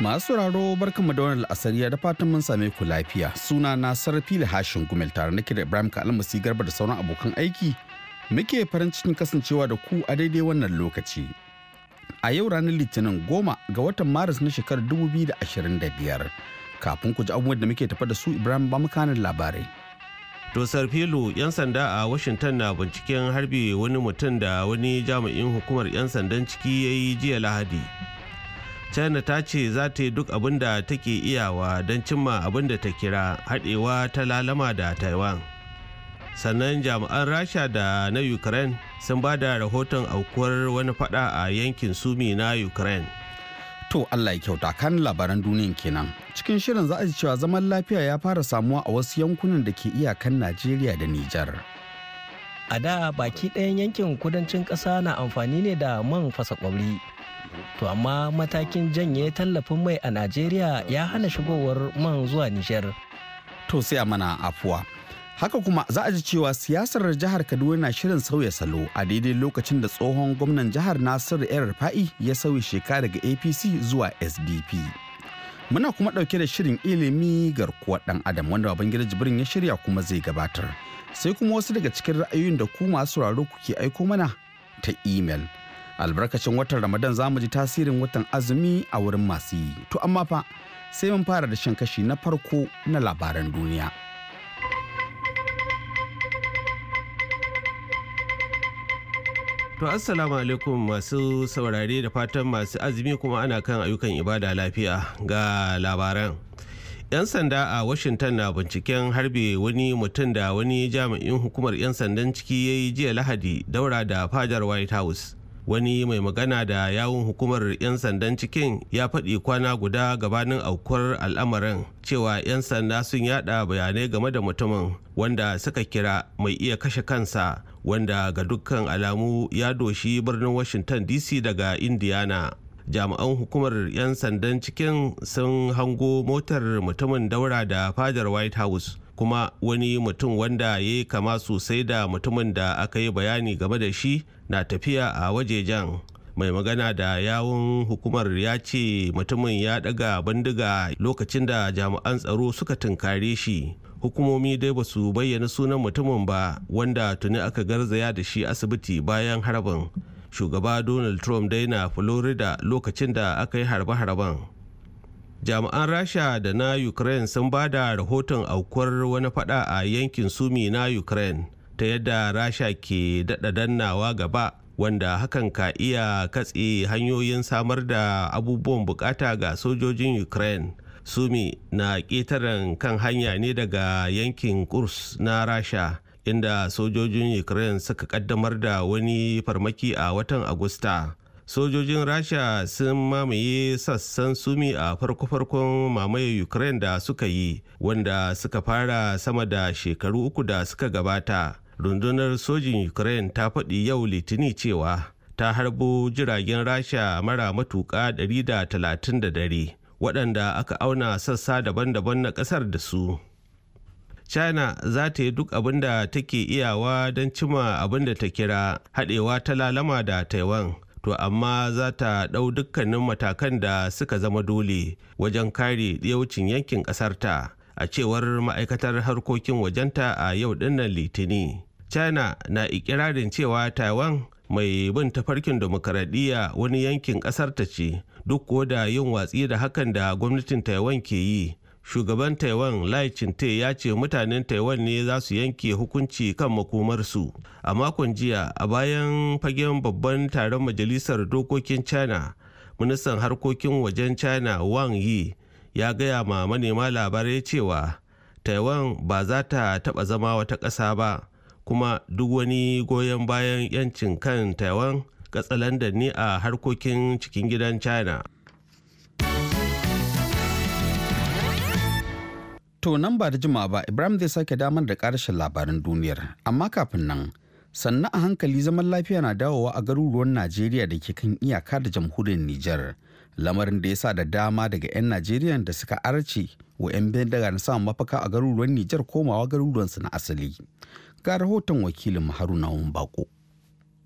Masu sauraro barkanmu da wannan asariya da fatan mun same ku lafiya. Suna na da Hashin Gumel tare na da Ibrahim ka almasi Garba da sauran abokan aiki. Muke farin cikin kasancewa da ku a daidai wannan lokaci. A yau ranar Litinin goma ga watan Maris na shekarar 2025. Kafin ku ji abubuwan da muke tafa da su Ibrahim ba mu kanin labarai. dosar filu 'yan sanda a Washington na binciken harbe wani mutum da wani jami'in hukumar 'yan sandan ciki ya yi jiya Lahadi. china ta ce za ta yi duk abin da take iyawa don cimma abin da ta kira haɗewa ta lalama da taiwan sannan jami'an rasha da na ukraine sun ba da rahoton aukuwar wani fada a yankin sumi na ukraine to allah ya kyauta kan labaran duniyan kenan cikin shirin za a ji cewa zaman lafiya ya fara samuwa a wasu yankunan da ke iyakan najeriya da nijar a da baki ɗayan yankin kudancin ƙasa na amfani ne da man fasa ƙwauri to amma matakin janye tallafin mai a najeriya ya hana shigowar man zuwa nijar to sai a mana afuwa haka kuma za a ji cewa siyasar jihar kaduna na shirin sauya salo a daidai lokacin da tsohon gwamnan jihar nasir yar rufa'i ya sauya shekara daga apc zuwa sdp muna kuma ɗauke da shirin ilimi garkuwar ɗan adam wanda babangida jibrin ya shirya kuma zai gabatar sai kuma wasu daga cikin ra'ayoyin da ku masu sauraro kuke aiko mana ta imel. albarkacin watan ramadan za mu ji tasirin watan azumi a wurin masu yi to amma fa sai mun fara da shan kashi na farko na labaran duniya to assalamu alaikum masu saurare da fatan masu azumi kuma ana kan ayyukan ibada lafiya ga labaran 'yan sanda a washington na binciken harbe wani mutum da wani jami'in hukumar 'yan sandan ciki ya yi jiya lahadi daura da fajar white house wani mai magana da yawun hukumar 'yan sandan cikin ya faɗi kwana guda gabanin aukuwar al'amarin cewa 'yan sanda sun yada bayanai game da mutumin wanda suka kira mai iya kashe kansa wanda ga dukkan alamu ya doshi birnin washington dc daga indiana jami'an hukumar 'yan sandan cikin sun hango motar mutumin daura da fadar white house kuma wani mutum wanda ya yi kama sosai da mutumin da aka yi bayani game da shi na tafiya a wajejen mai magana da yawun hukumar ya ce mutumin ya daga bindiga lokacin da jami'an tsaro suka tunkare shi hukumomi dai ba su bayyana sunan mutumin ba wanda tuni aka garzaya da shi asibiti bayan harbin shugaba donald trump dai na florida lokacin da aka yi harbe-harben jami'an rasha da na ukraine sun ba da rahoton aukuwar wani fada a yankin sumi na ukraine ta yadda rasha ke daɗa dannawa gaba wanda hakan ka iya katse hanyoyin samar da abubuwan bukata ga sojojin ukraine sumi na ƙetaren kan hanya ne daga yankin kurs na rasha inda sojojin ukraine suka kaddamar da wani farmaki a watan agusta sojojin rasha sun mamaye sassan sumi a farko-farkon mamaye ukraine da suka yi wanda suka fara sama da shekaru uku da suka gabata rundunar sojin ukraine ta faɗi yau litini cewa ta harbo jiragen rasha mara matuƙa 130 da talatin da dare waɗanda aka auna sassa daban-daban na ƙasar da su china za ta yi duk abin da take iyawa don cima abin da ta kira haɗewa ta lalama da taiwan to amma za ta ɗau dukkanin matakan da suka zama dole wajen kare ɗiyaucin yankin ƙasarta a cewar ma'aikatar harkokin wajenta a yau dinnan litini china na ikirarin cewa taiwan mai bin tafarkin demokaradiyya wani yankin ƙasarta ce duk ko da yin watsi da hakan da gwamnatin taiwan ke yi shugaban taiwan lai chinte ya ce mutanen taiwan ne za su yanke hukunci kan makomarsu a makon jiya a bayan fagen babban taron majalisar dokokin china ministan harkokin wajen china wang yi ya gaya ma manema labarai cewa taiwan ba za ta taba zama wata ƙasa ba kuma duk wani goyon bayan yancin kan taiwan katsalandan ne a harkokin cikin gidan china To nan ba da jima ba Ibrahim zai sake damar da ƙarshen labaran duniyar amma kafin nan sannan a hankali zaman lafiya na dawowa a garuruwan Najeriya da ke kan iyaka da jamhuriyar Nijar lamarin da ya sa da dama daga 'yan Najeriya da suka arce wa 'yan bindiga na samun mafaka a garuruwan Nijar komawa garuruwansu na asali. Ga rahoton wakilin Haruna Bako.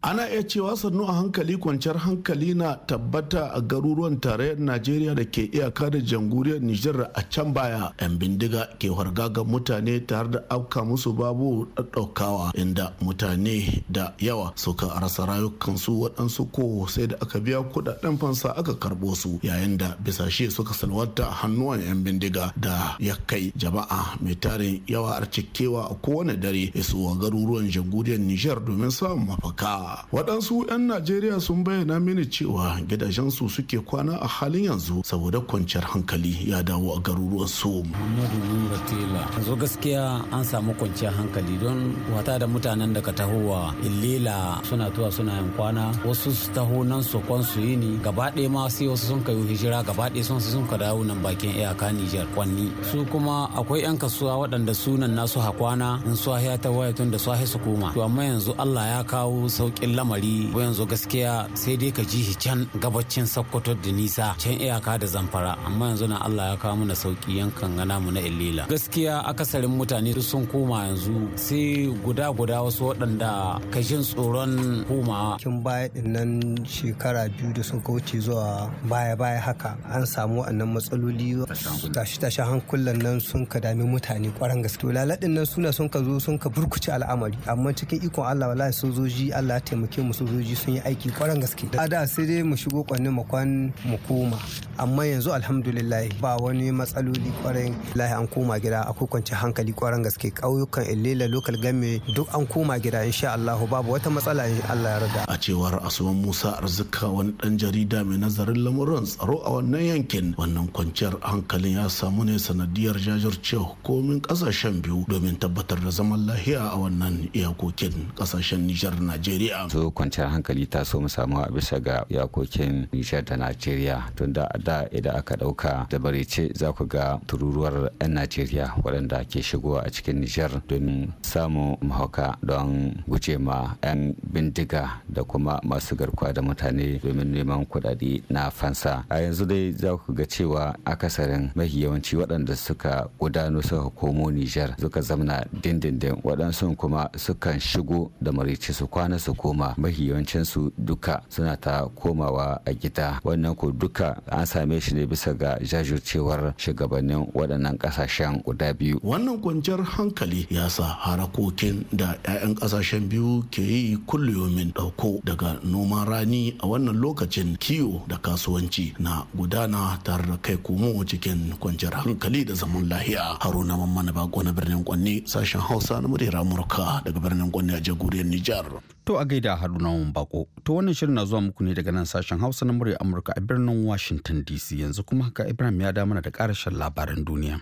ana iya cewa sannu a hankali kwanciyar hankali na tabbata a garuruwan tarayyar najeriya da ke iyaka da jamhuriyar nijar a can baya yan bindiga ke ga mutane tare da afka musu babu ɗaukawa inda mutane da yawa suka rasa rayukansu waɗansu ko sai da aka biya kuɗaɗen fansa aka karɓo su yayin da bisa shi suka salwanta hannuwan yan bindiga da ya kai jama'a mai tarin yawa a cikewa a kowane dare isuwa garuruwan jamhuriyar nijar domin samun mafaka waɗansu 'yan najeriya sun bayyana mini cewa gidajensu suke kwana a halin yanzu saboda kwanciyar hankali ya dawo a garuruwan su yanzu gaskiya an samu kwanciyar hankali don wata da mutanen daga tahowa illila suna tuwa suna yin kwana wasu su taho nan su kwan su yi ni gaba ɗaya ma sai wasu sun kayo hijira gaba ɗaya sun sun ka dawo nan bakin iyaka Nijar kwanni su kuma akwai 'yan kasuwa waɗanda sunan nasu hakwana in swahiya ta waya tun da swahi su koma to amma yanzu Allah ya kawo sauki bakin lamari yanzu gaskiya sai dai ka ji shi can gabacin sakkwato da nisa can iyaka da zamfara amma yanzu na allah ya kawo mana sauki yankan gana mu na illila gaskiya akasarin mutane duk sun koma yanzu sai guda guda wasu waɗanda ka jin tsoron komawa kin baya dinnan shekara biyu da sun wuce zuwa baya baya haka an samu waɗannan matsaloli tashi tashi hankulan nan sun ka dami mutane kwaran gaske to laladin nan suna sun ka zo sun ka burkuce al'amari amma cikin ikon allah wallahi sojoji allah taimake mu sojoji sun yi aiki kwaran gaske a da sai dai mu shigo kwanne mu kwan mu koma amma yanzu alhamdulillah ba wani matsaloli kwarai lahi an koma gida akwai kwanci hankali kwaran gaske ƙauyukan illela lokal game duk an koma gida insha Allah babu wata matsala in Allah ya rada a cewar asuman Musa Arzika wani dan jarida mai nazarin lamuran tsaro a wannan yankin wannan kwanciyar hankalin ya samu ne sanadiyar jajircewa komin kasashen biyu domin tabbatar da zaman lahiya a wannan iyakokin kasashen Nijar Najeriya so kwanciyar hankali ta so mu samu a bisa ga iyakokin nijar da najeriya tun da da idan aka dauka da barece za ku ga tururuwar 'yan najeriya waɗanda ke shigowa a cikin nijar Don samun mahauka don guje ma 'yan bindiga da kuma masu garkuwa da mutane domin neman kuɗaɗe na fansa a yanzu dai za ku ga cewa akasarin mafi yawanci waɗanda suka gudano suka komo nijar suka zamna dindindin waɗansu kuma sukan shigo da marice su kwana su ko koma mafi yawancinsu duka suna ta komawa a gida wannan ko duka an same shi ne bisa ga jajircewar shugabannin waɗannan ƙasashen guda biyu wannan kwanciyar hankali ya sa harakokin da 'ya'yan ƙasashen biyu ke yi kullumin ɗauko daga noman rani a wannan lokacin kiwo da kasuwanci na gudana tare da kai komo cikin kwanciyar hankali da zaman lahiya haruna mamman bako na birnin kwanne sashen hausa na murera amurka daga birnin kwanne a jagoriyar nijar To a gaida Haruna Bako, to wannan shirin na zuwa muku ne daga nan sashen Hausa na murya Amurka a birnin Washington DC yanzu kuma haka Ibrahim ya da mana da karashen labaran duniya.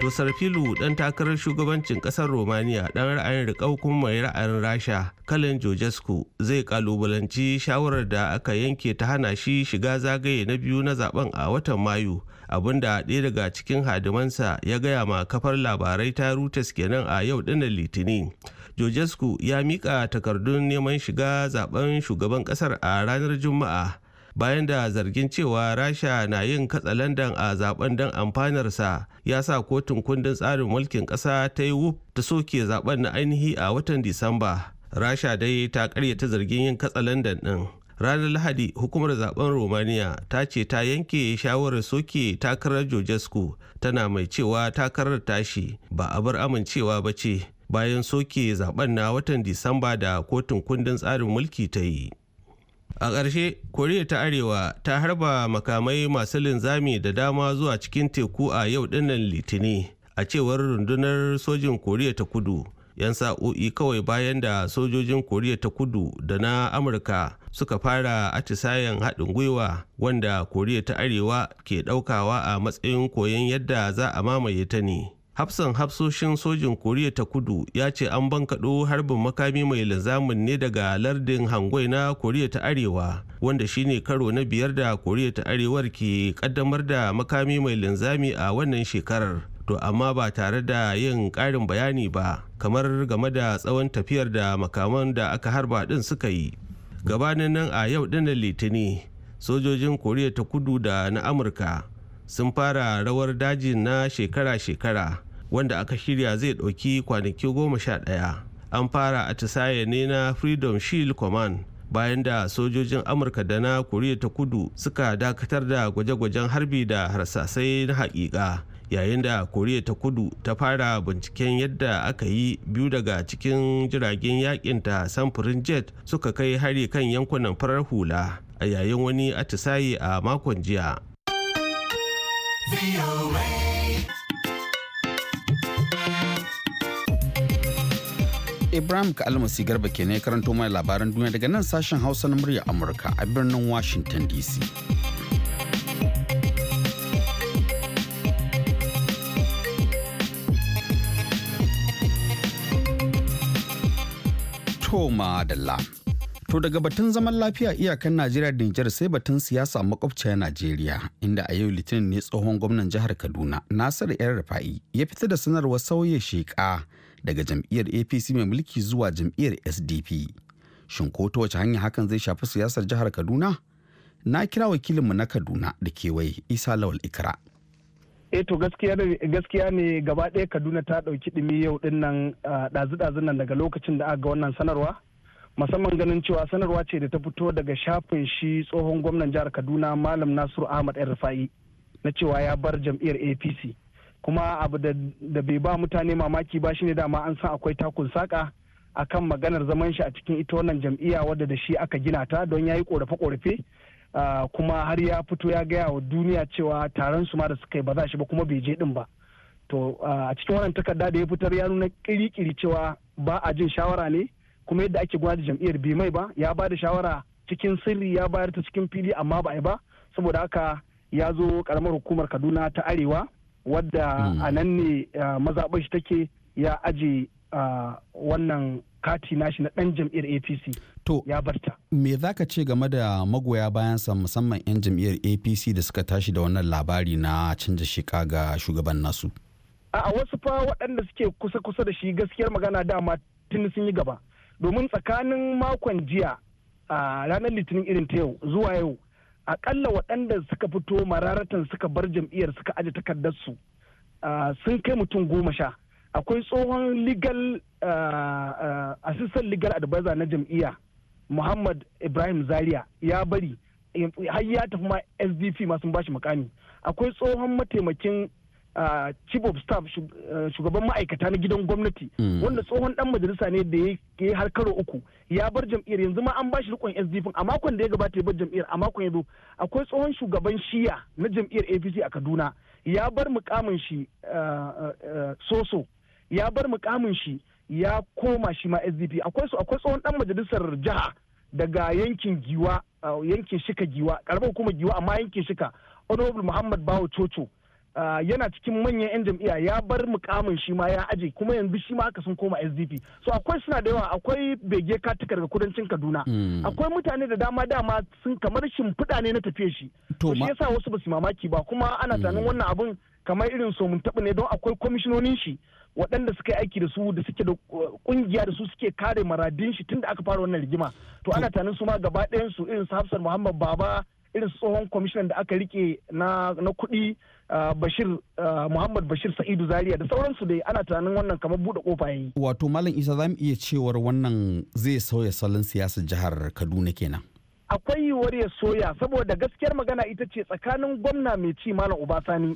To Sarfilu dan takarar shugabancin ƙasar Romania ɗan ra'ayin riƙau kuma mai ra'ayin Rasha Kalin Jojescu zai kalubalanci shawarar da aka yanke ta hana shi shiga zagaye na biyu na zaben a watan Mayu abinda ɗaya daga cikin hadimansa ya gaya ma kafar labarai ta Reuters kenan a yau ɗinnan litinin. Jojesku ya mika takardun neman shiga zaben shugaban ƙasar a ranar Juma'a bayan da zargin cewa Rasha na yin katsalandan a zaben don amfanarsa ya sa kotun kundin tsarin mulkin ƙasa ta yi wuf ta soke zaben na ainihi a watan Disamba. Rasha dai ta karyata zargin yin katsalandan ɗin. ranar lahadi hukumar zaben romania ta ce ta yanke shawarar soke takarar georgescu tana mai cewa takarar tashi ba a bar amincewa ba ce bayan soke zaben na watan disamba da kotun kundin tsarin mulki ta yi a ƙarshe koriya ta arewa ta harba makamai masu linzami da dama zuwa cikin teku a yau dinnan litini a cewar rundunar sojin koriya ta kudu 'yan sa'o'i kawai bayan da sojojin koriya ta kudu da na amurka suka fara atisayen haɗin gwiwa wanda koriya ta arewa ke ɗaukawa a matsayin koyon yadda za a mamaye ta ne hafsan hafsoshin sojin koriya ta kudu ya ce an bankaɗo harbin makami mai linzamin ne daga lardin Hangwai na koriya ta arewa wanda shine karo na biyar da koriya ta arewar ke ƙaddamar da makami mai linzami a wannan shekarar to amma ba tare da yin ƙarin bayani ba kamar game da tsawon tafiyar da makaman da aka harba ɗin suka yi gabanin nan a yau dana litini sojojin koriya ta kudu da na amurka sun fara rawar daji na shekara-shekara wanda aka shirya zai ɗauki kwanaki goma sha ɗaya an fara atisaye ne na freedom shield command bayan da sojojin amurka da na koriya ta kudu suka dakatar da gwaje-gwajen harbi da harsasai na haƙiƙa yayin da koriya ta kudu ta fara binciken yadda aka yi biyu daga cikin jiragen yakin ta samfurin jet suka kai hari kan yankunan farar hula a yayin wani atisaye a makon jiya ibrahim kalmasi garba ke ne karanto mai labaran duniya daga nan sashen hausa na murya amurka a birnin washington dc da la. To daga batun zaman lafiya iyakan Najeriya da Nijar sai batun siyasa makwabciya Najeriya inda a yau litinin ne tsohon gwamnan jihar Kaduna Nasiru yar Rafa'i ya fita da sanarwar sauye sheka daga jam'iyyar APC mai mulki zuwa jam'iyyar SDP. Shin ko ta wace hanya hakan zai shafi siyasar jihar Kaduna? Na kira wakilinmu na Kaduna da kewaye Isa Lawal Ikra eh to gaskiya ne gaba ɗaya kaduna ta ɗauki ɗumi yau ɗin nan ɗazu-ɗazun nan daga lokacin da aka ga wannan sanarwa musamman ganin cewa sanarwa ce da ta fito daga shafin shi tsohon gwamnan jihar kaduna malam nasiru ahmad yan rufa'i na cewa ya bar jam'iyyar apc kuma abu da bai ba mutane mamaki ba shine dama an san akwai takun saka akan maganar zaman shi a cikin ita wannan jam'iyya wadda da shi aka gina ta don ya yi korafe-korafe Ah, kuma har ya fito ya gaya wa duniya cewa taron su ma da suka yi ba za shi ba kuma bai je din ba to ah, a cikin wannan takarda da ya fitar ya nuna kirikiri cewa ba a jin shawara ne kuma yadda ake gwada jam'iyyar bai mai ba ya ba da shawara cikin sirri ya bayar ta cikin fili amma ba a yi ba saboda haka ya zo karamar hukumar kaduna ta arewa wadda hmm. a nan ne ah, mazaɓar shi take ya aje wannan kati nashi na ɗan jam'iyyar apc To, ya barta. Me za ka ce game da magoya bayan sa musamman 'yan jam'iyyar APC da suka tashi da wannan labari na canza shika ga shugaban nasu? A wasu fa waɗanda suke kusa-kusa da shi gaskiyar magana dama tun sun yi gaba. Domin tsakanin makon jiya a ranar litinin irin ta yau zuwa yau akalla waɗanda suka fito mararatan suka bar jam'iyyar suka aje takardarsu sun kai mutum goma sha akwai tsohon legal assistant legal advisor na jam'iyya muhammad ibrahim zaria ya bari eh, har ya tafi ma sdp masu bashi mukami akwai tsohon mataimakin ah, chief of staff eh, shugaban ma'aikata na gidan gwamnati hmm. wanda tsohon dan majalisa ne da ya yi har karo uku ya bar jam'iyyar yanzu ma an bashi rikon sdp a makon da ya gabata ya bar jam'iyyar a makon ya zo akwai tsohon shugaban shiya na jam'iyyar apc a kaduna ya bar mukamin shi ah, ah, soso ya bar mukamin shi ya koma shi ma sdp akwai su akwai tsohon dan majalisar jiha daga yankin giwa uh, yankin shika giwa karamar hukumar giwa amma yankin shika honorable muhammad bawo coco uh, yana cikin manyan 'yan jam'iyya ya bar mukamin shi ma ya aje kuma yanzu shi ma aka sun koma sdp so akwai suna da yawa akwai bege katika ga kudancin kaduna hmm. akwai mutane da dama dama sun kamar shimfiɗa ne na tafiye shi to shi yasa wasu ba su mamaki ba kuma ana tunanin hmm. wannan abun kamar irin so mun taɓa ne don akwai kwamishinonin shi waɗanda suka yi aiki da su da suke da kungiya uh, da su suke kare maradin shi tun da aka fara wannan rigima to ana tanin su ma gaba ɗayan su irin hafsan Muhammad Baba irin tsohon kwamishinan da aka rike na na kuɗi uh, Bashir uh, Muhammad Bashir Sa'idu Zaria da sauransu dai ana tunanin wannan kamar buɗe kofa yayi wato malam Isa zamu iya cewar wannan zai sauya salon siyasar jihar Kaduna kenan akwai yiwuwar ya soya saboda gaskiyar magana ita ce tsakanin gwamna mai ci malam Obasani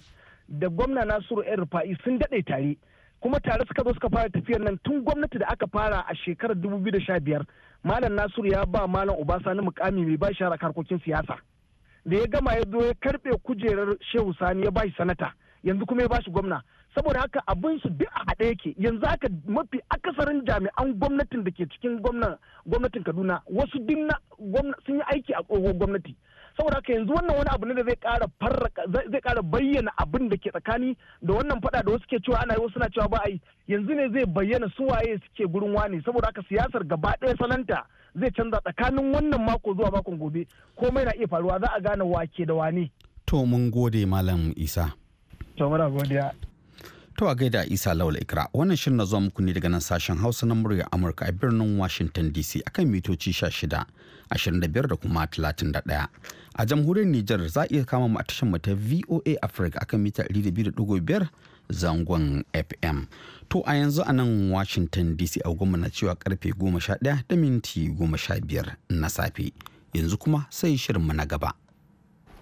da gwamna Nasiru El Rufa'i sun daɗe tare kuma tare suka zo suka fara tafiyar nan tun gwamnati da aka fara a shekarar 2015 malam nasiru ya ba malam na mukami mai ba a harkokin siyasa da ya gama ya zo ya karbe kujerar shehu sani ya bashi sanata yanzu kuma ya ba shi gwamna saboda haka abin su duk a haɗe yake yanzu haka mafi akasarin jami'an gwamnatin da ke cikin gwamnatin kaduna wasu duk sun yi aiki a tsohon gwamnati saboda haka yanzu wannan wani abu ne da zai kara farraka zai kara bayyana abin da ke tsakani da wannan fada da wasu ke cewa ana yi wasu na cewa ba a yi yanzu ne zai bayyana su waye suke gurin wani saboda haka siyasar gaba ɗaya salanta zai canza tsakanin wannan mako zuwa makon gobe komai na iya faruwa za a gane wake da wane to mun gode malam isa to godiya To a gaida Isa Lawal Ikra wannan shirin na zuwa muku ne daga nan sashen Hausa na murya Amurka a birnin Washington DC akan mitoci 16, 25 da kuma 31. A jamhuriyar Nijar za a iya kama mu a tashar mu ta VOA Africa akan mita 200.5 zangon FM. To a yanzu a nan Washington DC goma na cewa karfe 11 da minti 15 na safe. Yanzu kuma sai shirin mu na gaba.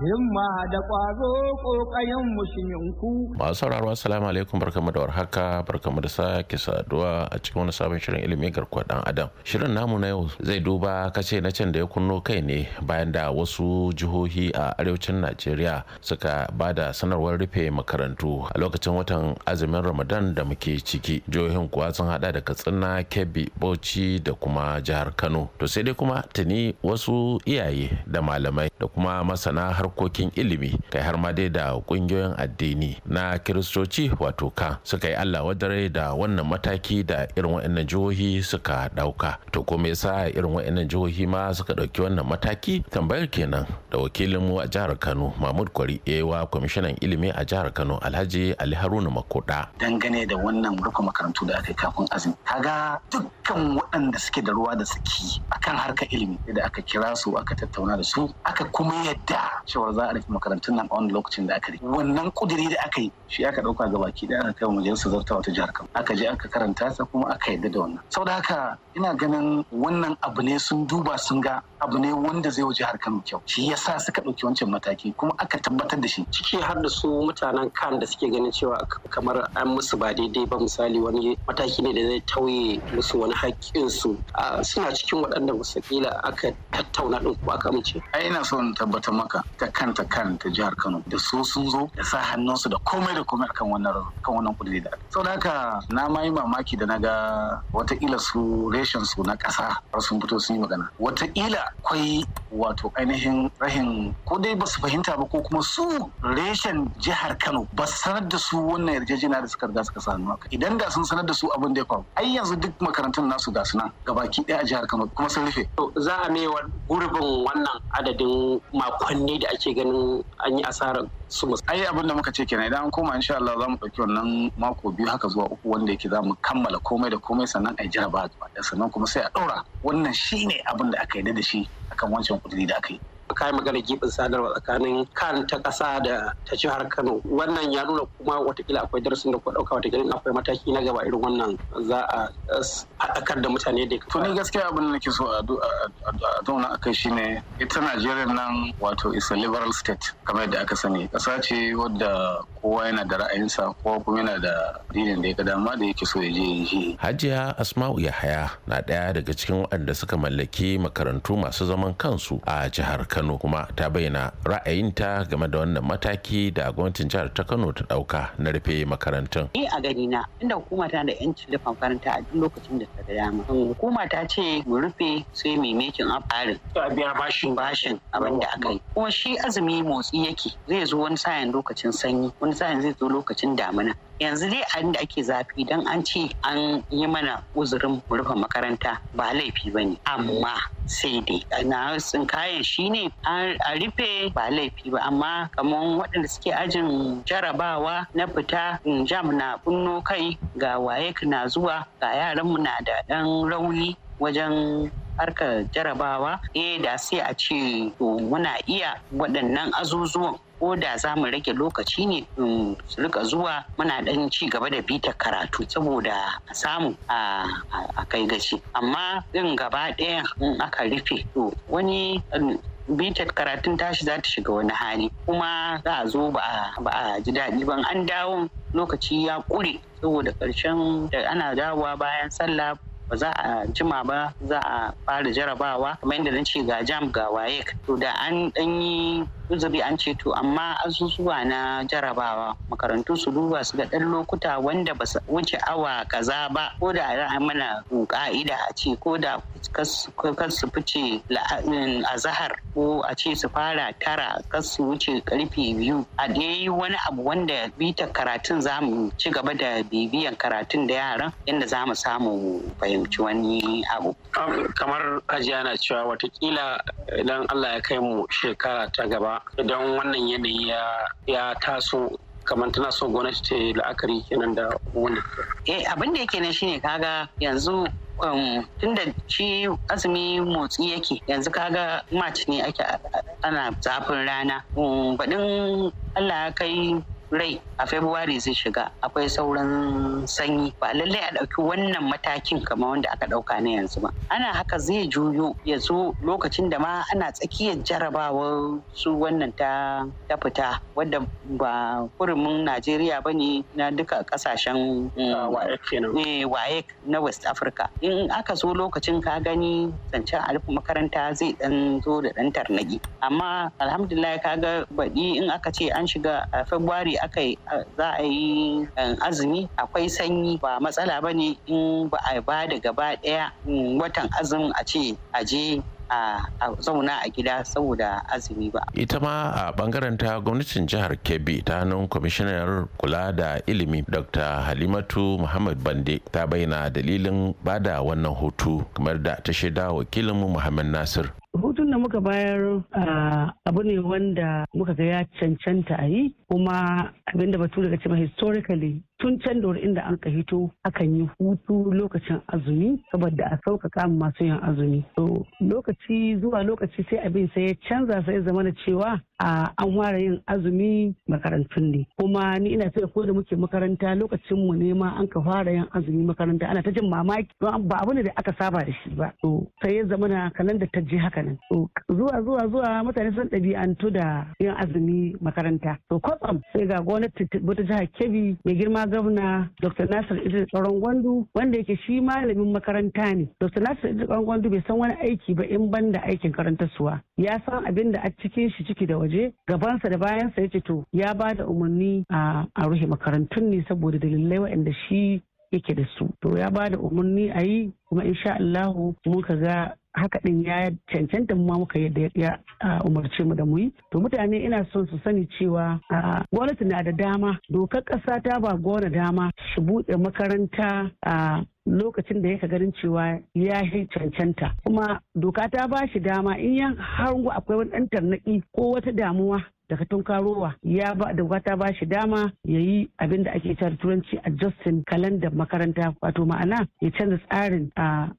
himma da ƙwazo ƙoƙayen mushiminku. Masu sauraro assalamu alaikum barkamu da warhaka barkamu da sake saduwa a cikin wani sabon shirin ilimi garkuwar dan adam. Shirin namu na yau zai duba kace na can da ya kunno kai ne bayan da wasu jihohi a arewacin Najeriya suka ba da sanarwar rufe makarantu a lokacin watan azumin Ramadan da muke ciki. Jihohin kuwa sun hada da Katsina, Kebbi, Bauchi da kuma jihar Kano. To sai dai kuma tuni wasu iyaye da malamai da kuma masana har harkokin ilimi kai har ma dai da kungiyoyin addini na kiristoci wato ka suka yi allah wadare da wannan mataki da irin wa'annan jihohi suka dauka to kuma yasa irin wa'annan jihohi ma suka dauki wannan mataki tambayar kenan da wakilin mu a jihar kano mahmud kwari ewa kwamishinan ilimi a jihar kano alhaji ali haruna makoda dangane da wannan rufe makarantu da aka yi kafin azumi kaga dukkan waɗanda suke da ruwa da tsaki akan harkar ilimi da aka kira su aka tattauna da su aka kuma yadda cewar za a rufe makarantun nan a wani lokacin da aka yi wannan kudiri da aka yi shi aka dauka ga baki da aka kai wa majalisar zartawa ta jihar Kano aka je aka karanta sa kuma aka yadda da wannan saboda haka ina ganin wannan abu ne sun duba sun ga abu ne wanda zai wuce harkar kyau shi yasa suka ɗauki wancan mataki kuma aka tabbatar da shi ciki har da su mutanen kan da suke ganin cewa kamar an musu ba daidai ba misali wani mataki ne da zai tauye musu wani haƙƙin su suna cikin waɗanda musakila aka tattauna ɗin ko aka amince ai ina son in tabbatar maka ka Kanta kanta kanta jihar Kano da su sun zo da sa hannunsu da komai da komai akan wannan kan wannan kudi da sau da haka na ma mamaki da naga ga ila su reshen su na kasa har sun fito sun yi magana ila akwai wato ainihin rahin ko dai ba su fahimta ba ko kuma su reshen jihar Kano ba sanar da su wannan yarjejina da suka riga suka sa hannu idan da sun sanar da su abin da ya faru ai yanzu duk makarantun nasu ga su nan gabaki daya a jihar Kano kuma sun rufe. za a mai gurbin wannan adadin makonni da ake ganin an yi asarar su ai abin da muka ce kenan idan an koma insha Allah za mu ɗauki wannan mako biyu haka zuwa uku wanda yake za mu kammala komai da komai sannan a jaraba sannan kuma sai a ɗora wannan shine abin da aka yi da shi akan wancan kudiri da aka yi kai magana gibin sadarwa tsakanin kan ta kasa da ta jihar Kano wannan ya nuna kuma watakila akwai darasin da ko dauka watakila akwai mataki na gaba irin wannan za a haɗakar da mutane da to ni gaskiya abin da nake so a zauna a kai shine ita Najeriya nan wato is a liberal state kamar yadda aka sani kasa ce wadda kowa yana da ra'ayinsa kowa kuma yana da dinin da ya ga dama da yake so ya je yi Hajiya Asma'u Yahaya na ɗaya daga cikin waɗanda suka mallaki makarantu masu zaman kansu a jihar Kano kano kuma ta bayyana ra'ayinta game da wannan mataki da gwamnatin jihar ta kano ta dauka na rufe makarantun ni a gani na inda hukuma ta da yancin rufe makaranta a duk lokacin da ta ga dama um, hukuma ta ce mu rufe sai mai mekin afarin ta biya bashin bashin abin da aka yi kuma shi azumi motsi yake zai zo wani sa'in lokacin sanyi wani sa'in zai zo lokacin damina yanzu dai a inda ake zafi don an ce an yi mana uzurin rufe makaranta ba laifi ba ne amma sai dai na sun kayan shi ne a rufe ba laifi ba amma kamar waɗanda suke ajin jarabawa na fita jam na kunno kai ga waye na zuwa ga yaranmu na da ɗan rauni wajen harkar jarabawa eh da sai a ce muna iya waɗannan azuzuwan ko da za mu rage lokaci ne su rika zuwa muna dan ci gaba da bitar karatu saboda a samu a kai gaci amma din gaba ɗaya in aka rufe to wani um, bitar karatun tashi za ta shiga wani hali kuma za a zo ba a ji daɗi ba. an dawo lokaci ya ƙure saboda ƙarshen da ana dawowa bayan sallah ba za a jima ba za a fara jarabawa kamar yadda na ce ga jam ga waye to da an yi uzuri an ce to amma asusuwa na jarabawa makarantu su duba su ga ɗan lokuta wanda ba su wuce awa kaza ba ko da a mana ka'ida a ce ko da kan su fice azahar ko a ce su fara tara kan su wuce karfe biyu a dai wani abu wanda bita karatun za mu ci gaba da bibiyan karatun da yaran yadda za mu samu fahimta fahimci wani abu. kamar hajiya na cewa watakila idan allah ya kai mu shekara ta gaba idan wannan yanayi ya taso kamar tana so gwamnati ta yi la'akari kenan da wani. eh abin da yake nan shine kaga yanzu um, tun da shi azumi motsi yake yanzu kaga march ne ake ana zafin rana um, baɗin allah ya kai rai a february zai shiga akwai sauran sanyi ba lallai a ɗauki wannan matakin kamar wanda aka ɗauka na yanzu ba ana haka zai juyo ya zo lokacin da ma ana tsakiyar jarabawar su wannan ta ta fita wadda ba kurumin najeriya ba ne na duka ƙasashen mm, ah, waye eh, na west africa in aka zo lokacin ka gani zancen alifin makaranta zai ɗan zo da ɗan tarnagi amma alhamdulillah ga baɗi in aka ce an shiga a february aka za a yi um, azumi akwai sanyi ba matsala ba ne in ba a ba da gaba ɗaya um, watan azumi a ce a je a zauna a gida saboda azumi ba. Ita ma a bangaren ta gwamnatin jihar Kebbi ta hannun kwamishinar kula da ilimi Dr. Halimatu Muhammad Bande ta bayyana dalilin bada wannan hutu kamar da ta shaida wakilinmu Muhammad Nasir. muka bayar abu ne wanda muka ga ya cancanta a yi kuma abinda batu daga cewa historically tun can da inda an ka hito akan yi hutu lokacin azumi saboda a sauƙaƙa masu yin azumi. lokaci zuwa lokaci sai abin sai ya canza sai ya zama na cewa an ware yin azumi makarantun ne kuma ni ina tsaye ko da muke makaranta lokacin mu ne ma an ka fara yin azumi makaranta ana ta jin mamaki ba abu ne da aka saba da shi ba to sai ya zama kanan da ta je haka nan to zuwa zuwa zuwa mutane sun ɗabi'antu da yin azumi makaranta to kwatsam sai ga gwamnati ta jihar Kebbi mai girma gwamna Dr. Nasir Idris Tsaron Gwandu wanda yake shi malamin makaranta ne Dr. Nasir Idris Tsaron Gwandu bai san wani aiki ba. arba'in in ban da aikin karantarsuwa ya san abin da a cikin shi ciki da waje gabansa da bayansa ya ce to ya ba da umarni a rufe makarantun ne saboda dalilai waɗanda shi yake da su to ya ba da umarni a yi kuma insha Allahu mun ka ga haka din ya cancanta mu ma muka yadda ya umarce mu da mu yi to mutane ina son su sani cewa gwamnati na da dama dokar ƙasa ta ba gona dama su buɗe makaranta a lokacin da yaka ganin cewa ya yi cancanta kuma doka ta ba shi dama in yan harungu akwai wani ɗan tarnaƙi ko wata damuwa daga tunkarowa ya ba da wata ba shi dama ya yi abin da ake cewa turanci a justin kalandar makaranta wato ma'ana ya canza tsarin a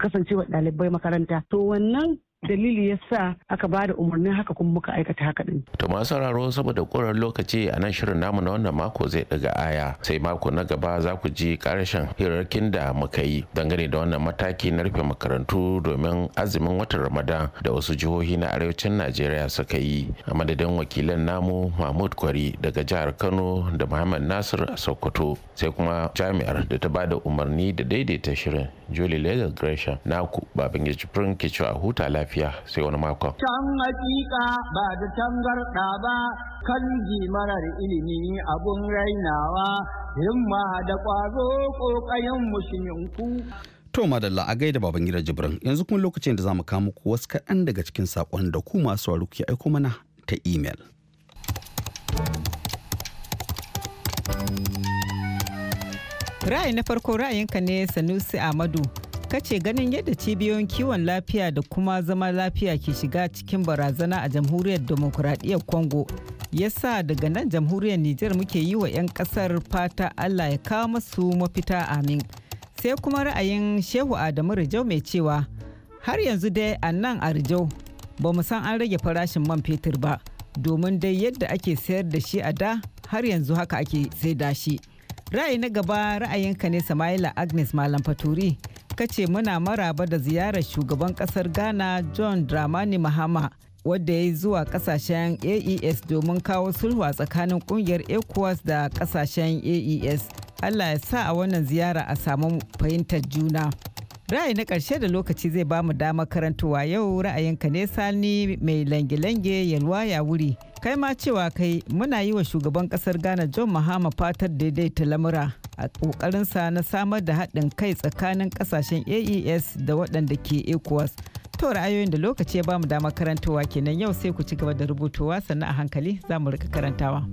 kasancewa ɗalibai makaranta to wannan dalili ya sa aka ba da umarnin haka kuma muka aikata haka din. To masu sauraro saboda ƙorar lokaci a nan shirin namu na wannan mako zai ɗaga aya sai mako na gaba za ku ji ƙarashin hirarkin da muka yi dangane da wannan mataki na rufe makarantu domin azumin watan Ramadan da wasu jihohi na arewacin Najeriya suka yi a madadin wakilan namu Mahmud Kwari daga jihar Kano da Muhammad Nasir a Sokoto sai kuma jami'ar da ta ba da umarni da daidaita shirin Julie legal Gresham naku Babangiji Prince ke a huta lafiya. lafiya sai wani makon. Can hakika ba da tangarɗa ba kan marar ilimi abun rainawa himma da ƙwazo ƙoƙayen musulminku. To madalla a gaida baban gida jibrin yanzu kuma lokacin da za mu kawo muku wasu kaɗan daga cikin saƙon da ku masu waru ke aiko mana ta email. Ra'ayi na farko ra'ayinka ne Sanusi Ahmadu kace ganin yadda cibiyoyin kiwon lafiya da kuma zama lafiya ke shiga cikin barazana a jamhuriyar demokuraɗiyyar congo yasa daga nan jamhuriyar niger muke yi wa 'yan kasar fata allah ya kawo masu mafita amin sai kuma ra'ayin shehu adamu rijau mai cewa har yanzu dai a nan a rijau ba mu san an rage farashin man fetur ba domin dai yadda ake sayar da shi a da har yanzu haka ake sai da shi ra'ayi na gaba ra'ayinka ne samaila agnes malam faturi ka ce muna maraba da ziyarar shugaban kasar Ghana John Dramani Mahama wadda ya yi zuwa kasashen AES domin kawo sulhu a tsakanin kungiyar ECOWAS da kasashen AES. Allah ya sa a wannan ziyara a samu fahimtar juna. Ra'ayi na ƙarshe da lokaci zai bamu damar karantowa yau ra'ayinka ne sani mai lange-lange yalwa ya wuri. Kai ma cewa kai muna yi wa shugaban ƙasar Ghana John Mahama fatar daidaita lamura. a ƙoƙarinsa na samar da haɗin kai tsakanin ƙasashen aes da waɗanda ke ecowas to ra'ayoyin da lokaci ya bamu damar karantawa kenan yau sai ku ci gaba da rubutuwa sannan a hankali za mu rika karantawa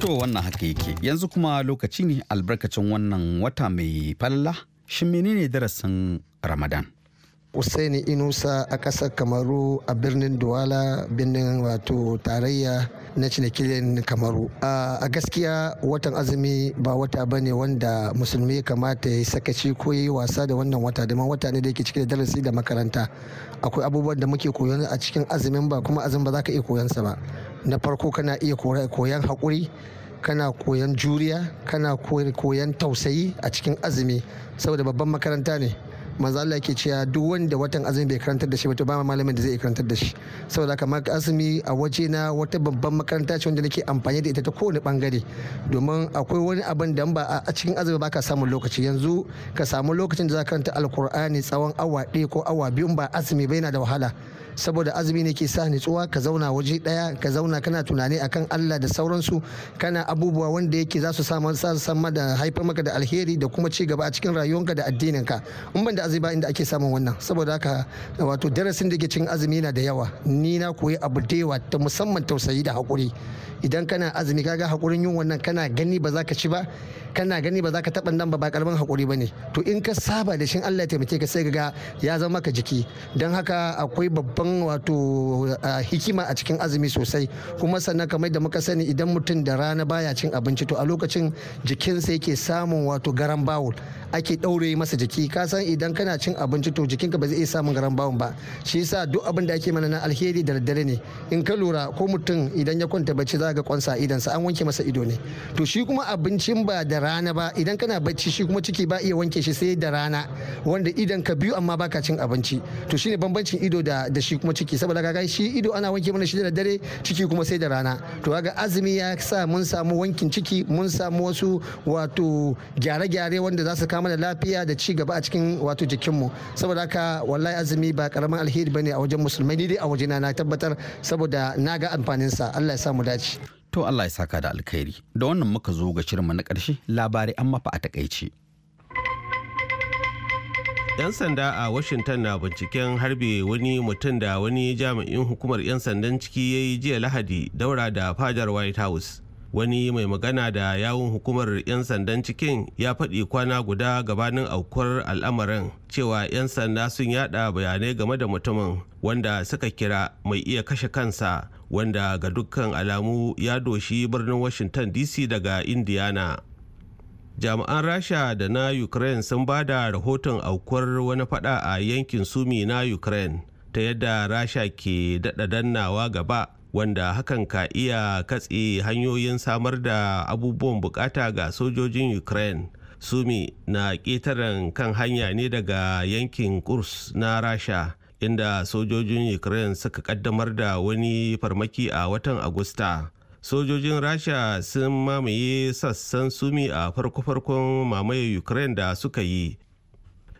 to wannan haka yake yanzu kuma lokaci ne albarkacin wannan wata mai falla shin menene darasin ramadan Usaini Inusa a ƙasar Kamaru a birnin Duwala birnin wato tarayya na cinikin Kamaru. A gaskiya watan azumi ba wata ba ne wanda musulmi kamata ya sakaci ko yi wasa da wannan wata domin wata ne da yake cike da darasi da makaranta. Akwai abubuwan da muke koyon a cikin azumin ba kuma azumin ba za ka iya koyon sa ba. Na farko kana iya koyon haƙuri kana koyon juriya kana koyan tausayi a cikin azumi saboda babban makaranta ne manzo Allah yake cewa duk wanda watan azumi bai karantar da shi ba to ba malamin da zai karantar da shi saboda kamar azumi a waje na wata babban makaranta ce wanda nake amfani da ita ta kowane bangare domin akwai wani abin da ba a cikin azumi baka samun lokaci yanzu ka samu lokacin da za ka karanta alkur'ani tsawon awa ɗaya ko awa biyu ba azumi bai yana da wahala saboda azumi ne ke sa nutsuwa ka zauna waje daya ka zauna kana tunani akan Allah da sauransu kana abubuwa wanda yake za su samu sama da haifar maka da alheri da kuma ci gaba a cikin rayuwanka da addininka in ban da azumi ba inda ake samun wannan saboda haka wato darasin da ke cikin azumi na da yawa ni na koyi abu da yawa ta musamman tausayi da hakuri idan kana azumi kaga hakurin yin wannan kana gani ba za ka ci ba kana gani ba za ka taɓa nan ba ba ƙarfin hakuri ba ne to in ka saba da shi Allah ya taimake ka sai ga ya zama ka jiki don haka akwai babban wato hikima a cikin azumi sosai kuma sannan kamar da muka sani idan mutum da rana baya cin abinci to a lokacin jikinsa yake samun wato garan bawul ake ɗaure masa jiki ka san idan kana cin abinci to jikinka ba zai iya samun garan bawul ba shi yasa duk abin da ake mana na alheri da daddare ne in ka lura ko mutum idan ya kwanta bacci za ga kwansa sa an wanke masa ido ne to shi kuma abincin ba da rana ba idan kana bacci shi kuma ciki ba iya wanke shi sai da rana wanda idan ka biyu amma baka cin abinci to shine bambancin ido da da shi kuma ciki saboda kaga shi ido ana wanke mana shi da dare ciki kuma sai da rana to kaga azumi ya sa mun samu wankin ciki mun samu wasu wato gyare-gyare wanda za su kama da lafiya da ci gaba a cikin wato jikinmu saboda haka wallahi azumi ba karamin alheri bane a wajen musulmai ni dai a wajena na tabbatar saboda na ga sa Allah ya sa mu dace To Allah ya saka da alkhairi. Da wannan muka zo ga shirinmu na ƙarshe labarai an mafa a takaice. 'Yan sanda a Washington na binciken harbe wani mutum da wani jami'in hukumar 'yan sandan ciki ya yi jiya Lahadi daura da fadar White House. Wani mai magana da yawun hukumar 'yan sandan cikin ya faɗi kwana guda gabanin aukuwar al'amarin cewa 'yan sanda sun yada bayanai game da mutumin wanda suka kira mai iya kashe kansa wanda ga dukkan alamu ya doshi birnin washington dc daga indiana jami'an rasha da na ukraine sun ba da rahoton aukuwar wani fada a yankin sumi na ukraine ta yadda rasha ke daɗa dannawa gaba wanda hakan ka iya katse hanyoyin samar da abubuwan bukata ga sojojin ukraine sumi na ƙetaren kan hanya ne daga yankin kurs na rasha inda sojojin ukraine suka kaddamar da wani farmaki a watan agusta sojojin rasha sun mamaye sassan sumi a farko-farkon mamaye ukraine da suka yi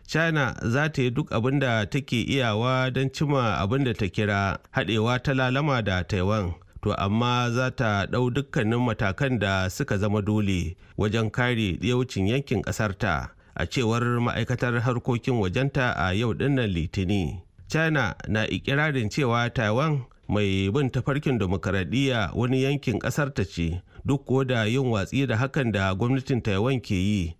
china za ta yi duk abin da take iyawa don cima abin da ta kira haɗewa ta lalama da taiwan to amma za ta ɗau dukkanin matakan da suka zama dole wajen kare ɗiyaucin yankin ƙasarta a cewar ma'aikatar harkokin wajenta a yau dinnan litini china na ikirarin cewa taiwan mai bin tafarkin demokaradiyya wani yankin ta ce duk ko da yin watsi da hakan da gwamnatin taiwan ke yi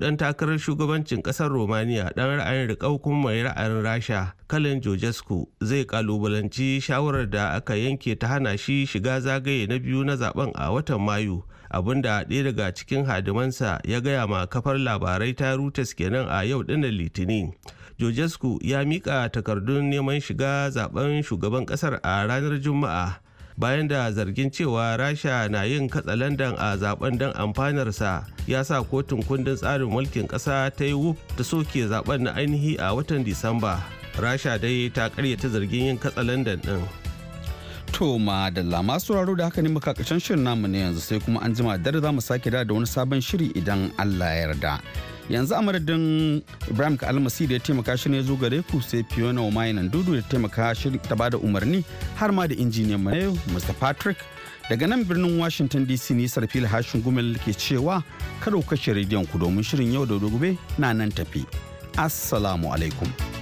dan takarar shugabancin ƙasar romania dan ra'ayin rikau kuma mai ra'ayin rasha kalin jojesku zai kalubalanci shawarar da aka yanke ta hana shi shiga zagaye na biyu na zaben a watan mayu abinda ɗaya daga cikin hadimansa ya gaya ma kafar labarai ta rutas kenan a yau dinnan litinin jojesku ya mika takardun neman shiga zaben shugaban kasar a ranar Juma'a bayan da zargin cewa Rasha na yin katsalandan a zaben don amfanarsa ya sa kotun kundin tsarin mulkin kasa ta yi wuf ta soke zaben na ainihi a watan Disamba. Rasha dai ta karyata zargin yin katsalandan din. To da masu sauraro da haka ne muka shirin namu ne yanzu sai kuma an jima dare za mu sake da wani sabon shiri idan Allah ya yarda. yanzu a madadin ibrahim ka almasi da ya taimaka shi ne zo gare ku sai fiona omayinan dudu da taimaka shi ta bada umarni har ma da injiniyan mu yau mr patrick daga nan birnin washington dc ne sarfil hashin gumel ke cewa kada ku kashe rediyon ku domin shirin yau da gobe na nan tafi assalamu alaikum